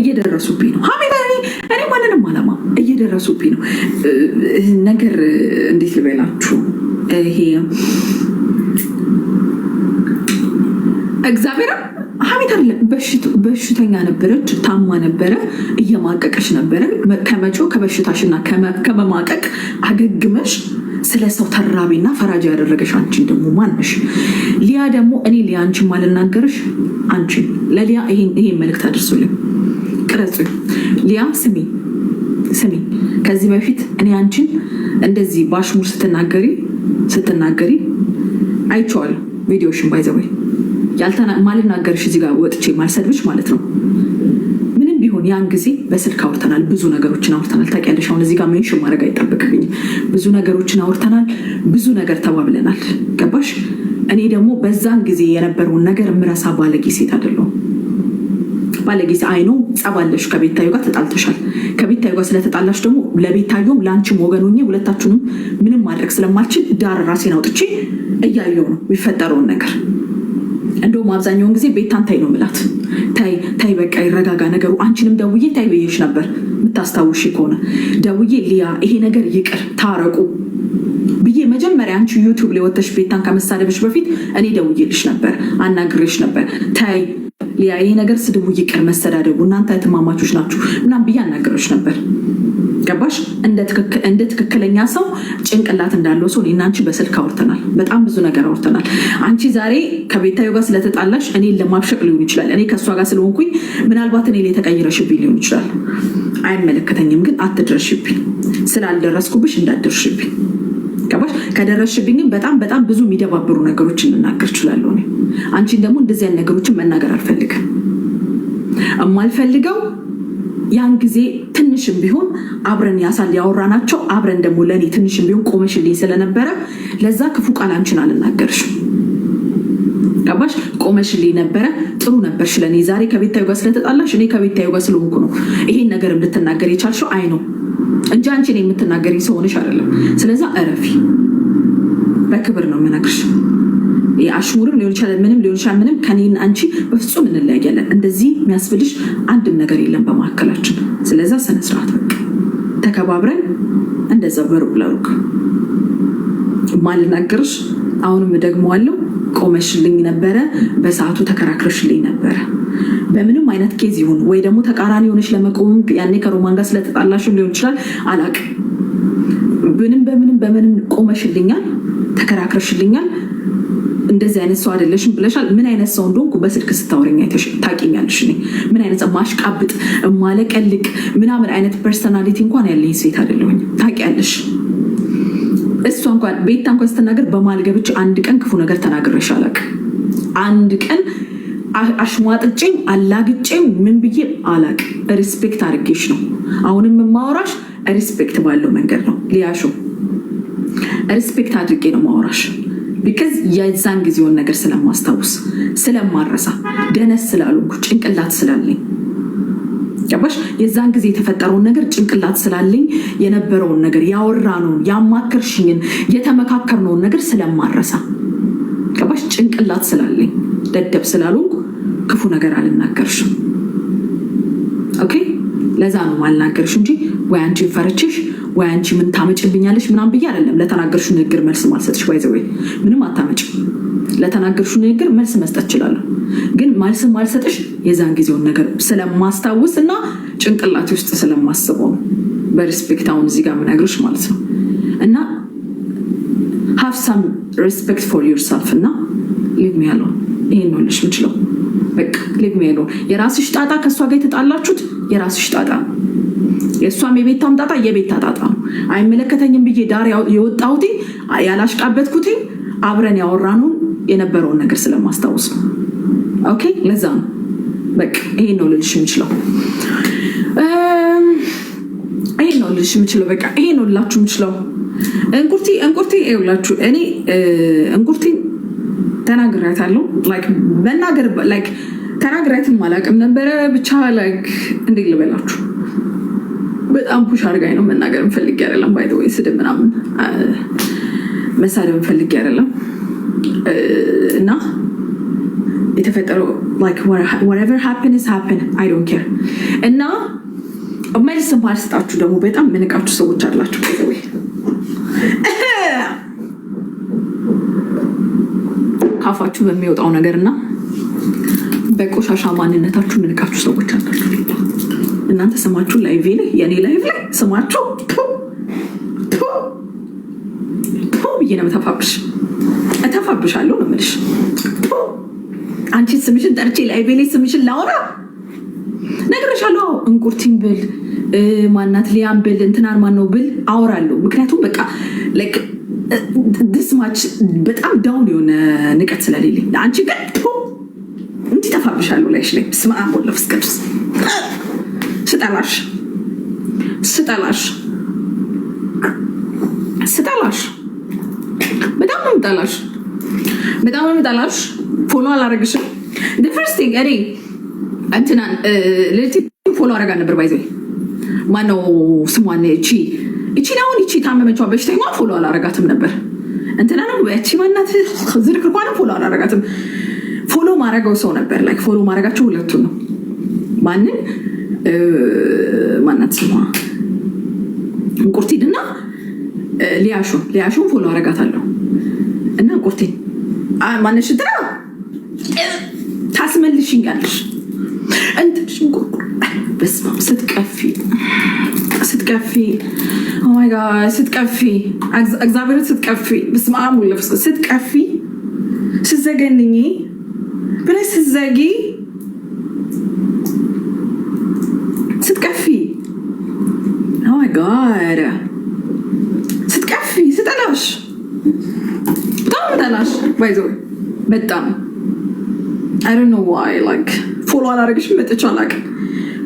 እየደረሱብኝ ነው። ሀሜታ እኔ ማንንም አላማ እየደረሱብኝ ነው። ነገር እንዴት ልበላችሁ ይሄ እግዚአብሔርም ሀሜት አለ። በሽተኛ ነበረች፣ ታማ ነበረ፣ እየማቀቀች ነበረ። ከመጮ ከበሽታሽና ከመማቀቅ አገግመሽ ስለ ሰው ተራቢና ፈራጅ ያደረገሽ አንቺን ደግሞ ማነሽ? ሊያ ደግሞ እኔ ሊያ አንቺን ማልናገርሽ አንቺን ለሊያ ይሄን መልእክት አድርሱልኝ። ቅረጹኝ። ሊያ ስሚ ስሚ፣ ከዚህ በፊት እኔ አንቺን እንደዚህ በአሽሙር ስትናገሪ ስትናገሪ አይቼዋለሁ። ቪዲዮሽን ባይዘወይ ማልናገርሽ እዚህ ጋር ወጥቼ ማልሰድብሽ ማለት ነው። ምንም ቢሆን ያን ጊዜ በስልክ አውርተናል፣ ብዙ ነገሮችን አውርተናል። ታውቂያለሽ፣ አሁን እዚህ ጋር መንሽን ማድረግ አይጠበቅብኝም። ብዙ ነገሮችን አውርተናል፣ ብዙ ነገር ተባብለናል። ገባሽ? እኔ ደግሞ በዛን ጊዜ የነበረውን ነገር ምረሳ ባለጌ ሴት አይደለሁም። ባለ ጊዜ አይኖ ጸባለሽ ከቤታዩ ጋር ተጣልተሻል። ከቤታዩ ጋር ስለተጣላሽ ደግሞ ለቤታዩም ለአንቺም ወገን ሆኜ ሁለታችሁንም ምንም ማድረግ ስለማልችል ዳር ራሴን አውጥቼ እያየው ነው የሚፈጠረውን ነገር። እንደውም አብዛኛውን ጊዜ ቤታን ታይ ነው ምላት፣ ታይ ታይ፣ በቃ ይረጋጋ ነገሩ። አንቺንም ደውዬ ታይ ብዬሽ ነበር የምታስታውሽ ከሆነ ደውዬ ሊያ፣ ይሄ ነገር ይቅር ታረቁ ብዬ መጀመሪያ አንቺ ዩቱብ ላይ ወተሽ ቤታን ከመሳደብሽ በፊት እኔ ደውዬልሽ ነበር፣ አናግሬሽ ነበር ታይ ሊያ ይሄ ነገር ስድቡ ይቅር፣ መሰዳደቡ እናንተ እህትማማቾች ናችሁ ምናምን ብዬ አናገሮች ነበር። ገባሽ? እንደ ትክክለኛ ሰው ጭንቅላት እንዳለው ሰው እኔና አንቺ በስልክ አውርተናል። በጣም ብዙ ነገር አውርተናል። አንቺ ዛሬ ከቤታዩ ጋር ስለተጣላሽ እኔ ለማብሸቅ ሊሆን ይችላል። እኔ ከእሷ ጋር ስለሆንኩኝ ምናልባት እኔ ላይ ተቀይረሽብኝ ሊሆን ይችላል። አይመለከተኝም፣ ግን አትድረሽብኝ። ስላልደረስኩብሽ እንዳትደርሽብኝ ገባሽ? ከደረስሽብኝ ግን በጣም በጣም ብዙ የሚደባበሩ ነገሮች ልናገር እችላለሁ። አንቺን ደግሞ እንደዚህ ያለ ነገሮችን መናገር አልፈልግም። የማልፈልገው ያን ጊዜ ትንሽም ቢሆን አብረን ያሳል ያወራናቸው አብረን ደግሞ ለእኔ ትንሽም ቢሆን ቆመሽልኝ ስለነበረ ለዛ ክፉ ቃል አንቺን አልናገርሽም። ገባሽ? ቆመሽልኝ ነበረ፣ ጥሩ ነበርሽ ለእኔ። ዛሬ ከቤታዩ ጋር ስለተጣላሽ እኔ ከቤታዩ ጋር ስለሆንኩ ነው ይሄን ነገር ልትናገር የቻልሽው። አይ ነው እንጂ አንቺን የምትናገር ሰው ሆነሽ አይደለም። ስለዛ እረፊ። በክብር ነው የምነግርሽ። አሽሙርም ሊሆን ይችላል፣ ምንም ሊሆን ይችላል። ምንም ከኔን አንቺ በፍጹም እንለያያለን። እንደዚህ የሚያስብልሽ አንድም ነገር የለም በመካከላችን። ስለዛ ስነስርዓት በቃ ተከባብረን እንደዛ በሩቅ ለሩቅ ማልናገርሽ አሁንም አለው ቆመሽልኝ ነበረ፣ በሰዓቱ ተከራክረሽልኝ ነበረ። በምንም አይነት ኬዝ ይሁን ወይ ደግሞ ተቃራኒ ሆነች ለመቆም ያኔ ከሮማን ጋር ስለተጣላሽ ሊሆን ይችላል አላቅም። ምንም በምንም በምንም ቆመሽልኛል፣ ተከራክረሽልኛል። እንደዚህ አይነት ሰው አይደለሽም ብለሻል። ምን አይነት ሰው እንደሆንኩ በስልክ ስታወረኛ ታውቂኛለሽ። ምን አይነት ማሽቃብጥ ማለቀልቅ ምናምን አይነት ፐርሰናሊቲ እንኳን ያለኝ ሴት አይደለሁኝ። ታውቂያለሽ። እሷ እንኳን ቤታ እንኳን ስትናገር በማልገብች አንድ ቀን ክፉ ነገር ተናግረሽ አላቅ አንድ ቀን አሽሟጥጭም አላግጭም ምን ብዬ አላቅ ሪስፔክት አድርጌሽ ነው አሁንም የማወራሽ ሪስፔክት ባለው መንገድ ነው። ሊያሹ ሪስፔክት አድርጌ ነው ማወራሽ ቢከዝ የዛን ጊዜውን ነገር ስለማስታውስ ስለማረሳ ደነስ ስላልኩ ጭንቅላት ስላለኝ ገባሽ? የዛን ጊዜ የተፈጠረውን ነገር ጭንቅላት ስላለኝ የነበረውን ነገር ያወራነውን፣ ያማከርሽኝን፣ የተመካከርነውን ነገር ስለማረሳ ገባሽ? ጭንቅላት ስላለኝ ደደብ ስላልሆንኩ ክፉ ነገር አልናገርሽም። ኦኬ፣ ለዛ ነው አልናገርሽ እንጂ ወይ አንቺን ፈርችሽ ወይ አንቺ ምን ታመጭብኛለች ምናምን ብዬ አይደለም። ለተናገርሹ ንግግር መልስ ማልሰጥሽ ባይዘ ወይ ምንም አታመጭ። ለተናገርሹ ንግግር መልስ መስጠት እችላለሁ፣ ግን መልስ ማልሰጥሽ የዛን ጊዜውን ነገር ስለማስታውስ እና ጭንቅላት ውስጥ ስለማስበው ነው። በሪስፔክት አሁን እዚህ ጋር ምነግርሽ ማለት ነው እና ሃቭ ሳም ሪስፔክት ፎር ዩርሰልፍ እና ሊቭ ሚ አሎን። ይሄን ነው ልሽ ምችለው። በቃ ሊቭ ሚ አሎን። የራስሽ ጣጣ ከእሷ ጋር የተጣላችሁት የራስሽ ጣጣ ነው። እሷም የቤት ታምጣጣ የቤት ታጣጣ ነው። አይመለከተኝም ብዬ ዳር የወጣሁት ያላሽቃበትኩት አብረን ያወራነውን የነበረውን ነገር ስለማስታወስ ነው። ኦኬ ለዛ ነው በቃ ይሄን ነው ልልሽ የምችለው። ይሄን ነው ልልሽ የምችለው። በቃ ይሄን ነው ልላችሁ የምችለው። እንቁርቲ እንቁርቲ ይኸውላችሁ እኔ እንቁርቲ ተናግሬያታለሁ። መናገር ተናግሬያትም አላውቅም ነበረ ብቻ እንዴት ልበላችሁ በጣም ፑሽ አድርጋኝ ነው መናገር እንፈልግ አይደለም። ባይ ወይ ስድብ ምናምን መሳደብ እንፈልግ አይደለም እና የተፈጠረው ወቨር ሀፕንስ ሃፕን አይ ኬር እና መልስ ባልሰጣችሁ ደግሞ በጣም ምንቃችሁ ሰዎች አላችሁ። ወይ ካፋችሁ በሚወጣው ነገር እና በቆሻሻ ማንነታችሁ ምንቃችሁ ሰዎች አላችሁ። እናንተ ስማችሁ ላይቭ ላይ የኔ ላይቭ ላይ ስማችሁ ብዬ ነው ተፋብሽ እተፋብሻለሁ ነው የምልሽ። አንቺ ስምሽን ጠርቼ ላይቭ ላይ ስምሽን ላወራ ነግሬሻለሁ። እንቁርቲን ብል ማናት ሊያን ብል እንትናን ማን ነው ብል አውራለሁ። ምክንያቱም በቃ ድስማች በጣም ዳውን የሆነ ንቀት ስለሌለኝ አንቺ ግን እንዲህ ተፋብሻለሁ ላይሽ ላይ ስማ ወለፍስ ስጠላሽ ስጠላሽ ስጠላሽ በጣም ነው የምጠላሽ፣ በጣም ነው የምጠላሽ። ፎሎ አላረግሽም። ፈርስት እኔ እንትናን ልጅ ፎሎ አረጋ ነበር ባይዘ ማነው ስሟን እቺ እቺ ናሁን እቺ ታመመቿ በሽተኛ ፎሎ አላረጋትም ነበር። እንትና ነው እቺ ማናት ዝርክር ዝርክርኳንም ፎሎ አላረጋትም። ፎሎ ማረገው ሰው ነበር ላይ ፎሎ ማረጋቸው ሁለቱን ነው ማንን ማናት ስሟ እና ፎሎ አረጋታለሁ እና እንቁርቲድ ማነሽ ድራ ታስመልሽኛለሽ ስትቀፊ ስትቀፊ ኦማይ ጋድ ስትቀፊ እግዚአብሔር ስትቀፊ ስትቀፊ ስትዘገንኝ ስትዘጊ ጋር ስትቀፊ ስጠላሽ፣ በጣም ጠላሽ። ባይዞ በጣም አይ ዶንት ኖ ዋይ ላይክ ፎሎ አላረግሽም። መጥቼ አላውቅም።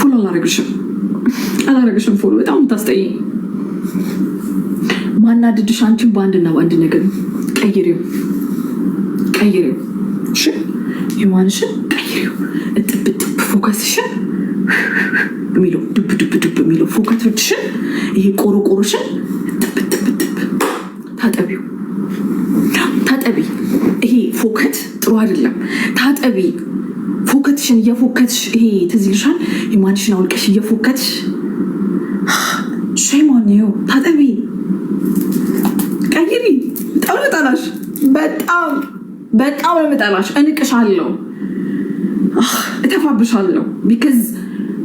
ፎሎ አላረግሽም አላረግሽም። ፎሎ በጣም ታስጠይ ማናድድሽ። አንቺን በአንድና በአንድ ነገር ቀይሬው ቀይሬው እሺ፣ ሂማንሽን ቀይሬው እጥብጥብ ፎከስሽን የሚለው ዱብ ዱብ ዱብ የሚለው ፎከቶችሽን ይሄ ቆሮቆሮሽን ታጠቢው ታጠቢ። ይሄ ፎከት ጥሩ አይደለም። ታጠቢ። ፎከትሽን እየፎከትሽ ይሄ ትዝ ይልሻል። የማንሽን አውልቀሽ እየፎከትሽ ሸማኔው ታጠቢ። ቀይሪ። በጣም ጠላሽ። በጣም በጣም የምጠላሽ። እንቅሻለሁ፣ እተፋብሻለሁ። ቢካዝ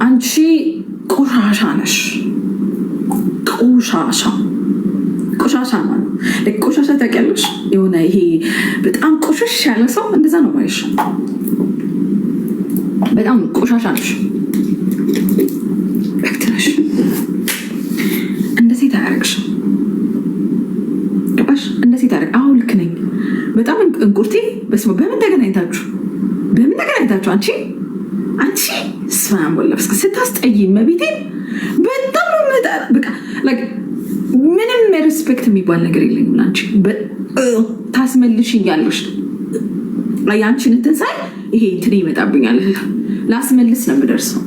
አንቺ ቆሻሻ ነሽ። ቆሻሻ ቆሻሻ ማለት ቆሻሻ ታውቂያለሽ? የሆነ ይሄ በጣም ቆሻሽ ያለ ሰው እንደዛ ነው ማየሽ። በጣም ቆሻሻ ነሽ፣ በክትነሽ እንደዚህ ታያረግሽ ገባሽ? እንደዚህ ታያረግ አሁን ልክ ነኝ። በጣም እንቁርቴ በስ በምን ተገናኝታችሁ በምን ተገናኝታችሁ አንቺ አንቺ ስማን ቦለብስ ስታስጠይ መቤቴ በጣም በቃ ምንም ሪስፔክት የሚባል ነገር የለኝም ላንቺ። ታስመልሽ እያለሽ ያንቺን እንትን ሳይ ይሄ እንትን ይመጣብኛል። ላስመልስ ነው የምደርሰው።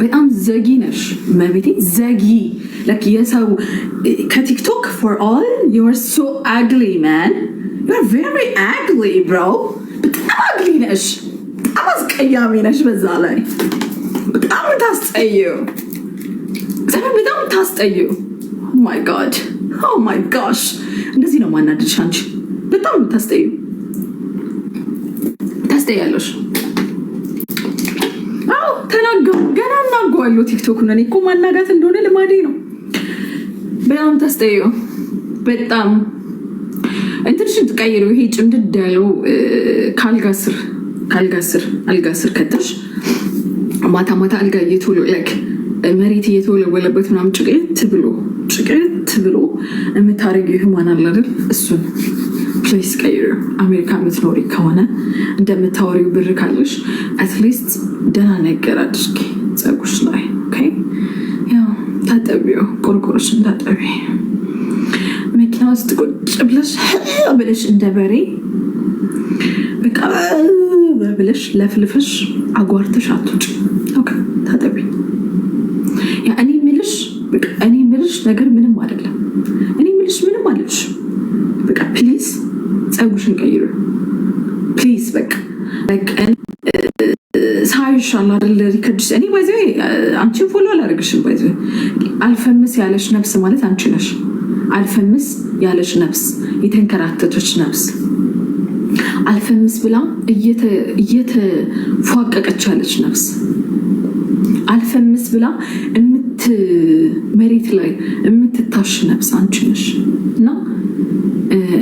በጣም ዘጊ ነሽ መቤቴ፣ ዘጊ የሰው ከቲክቶክ ፎር ኦል ዩር ሶ አግሊ ማን ዩር ቬሪ አግሊ ብሮ። በጣም አግሊ ነሽ፣ በጣም አስቀያሚ ነሽ። በዛ ላይ በጣም ታስጠየው እግዚአብሔር በጣም ታስጠዩ። ማይ ጋድ ማይ ጋሽ፣ እንደዚህ ነው ማናደድሽ። አንቺ በጣም ታስጠዩ ታስጠያለሽ። አዎ ተናገሩ። ገና እናገዋለሁ። ቲክቶክ ነን እኮ ማናጋት እንደሆነ ልማዴ ነው። በጣም ታስጠዩ። በጣም እንትንሽ ትቀይሩ። ይሄ ጭምድድ ያለው ከአልጋ ስር ከአልጋ ስር አልጋ ስር ከተሽ ማታ ማታ አልጋ እየቶሎ ላይክ መሬት እየተወለወለበት ምናምን ጭቅት ብሎ ጭቅት ብሎ የምታደርጊው ህማን አለ አይደል? እሱን ፕሌስ ቀይር። አሜሪካ የምትኖሪ ከሆነ እንደምታወሪው ብር ካለሽ አትሊስት ደህና ነገር አድርጊ ፀጉርሽ ላይ ያው ታጠቢው፣ ቆርቆሮች እንዳጠቢ መኪና ውስጥ ቁጭ ብለሽ ብለሽ እንደ በሬ በቃ ብለሽ ለፍልፍሽ አጓርተሽ አትውጭ። ነገር ምንም አይደለም። እኔ ምልሽ ምንም አለች። በቃ ፕሊዝ ጸጉርሽን ቀይሩ ፕሊዝ። በቃ ሳይሻል አደለ ሪከርድሽ። እኔ ባይዘ አንቺን ፎሎ አላደርግሽም። ባይዘ አልፈምስ ያለሽ ነፍስ ማለት አንቺ ነሽ። አልፈምስ ያለች ነፍስ የተንከራተተች ነፍስ አልፈምስ ብላ እየተፏቀቀች ያለች ነፍስ አልፈምስ ብላ መሬት ላይ የምትታሽ ነብስ አንቺ ነሽ እና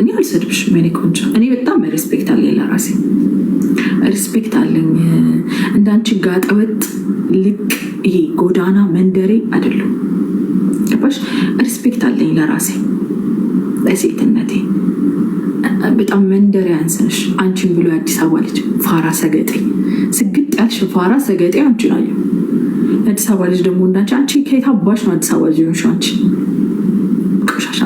እኔ አልሰድብሽም። የእኔ ቆንጆ እኔ በጣም ሪስፔክት አለኝ ለራሴ ሪስፔክት አለኝ። እንዳንቺ ጋጠወጥ ልቅ ይሄ ጎዳና መንደሬ አይደለም። ገባሽ? ሪስፔክት አለኝ ለራሴ ለሴትነቴ። በጣም መንደሬ አንስነሽ አንቺን ብሎ የአዲስ አበባ ልጅ ፋራ ሰገጠኝ ስግድ ያልሽ ሽፋራ ሰገጤ አንቺ ላይ አዲስ አበባ ልጅ ደግሞ እንዳንቺ አንቺ ከየት አባሽ ነው አዲስ አበባ ልጅ ሆንሽ? አንቺ ቆሻሻ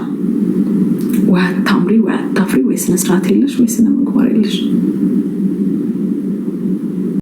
ወይ አታምሪ ወይ አታፍሪ ወይ ስነስርዓት የለሽ ወይ ስነ ምግባር የለሽ።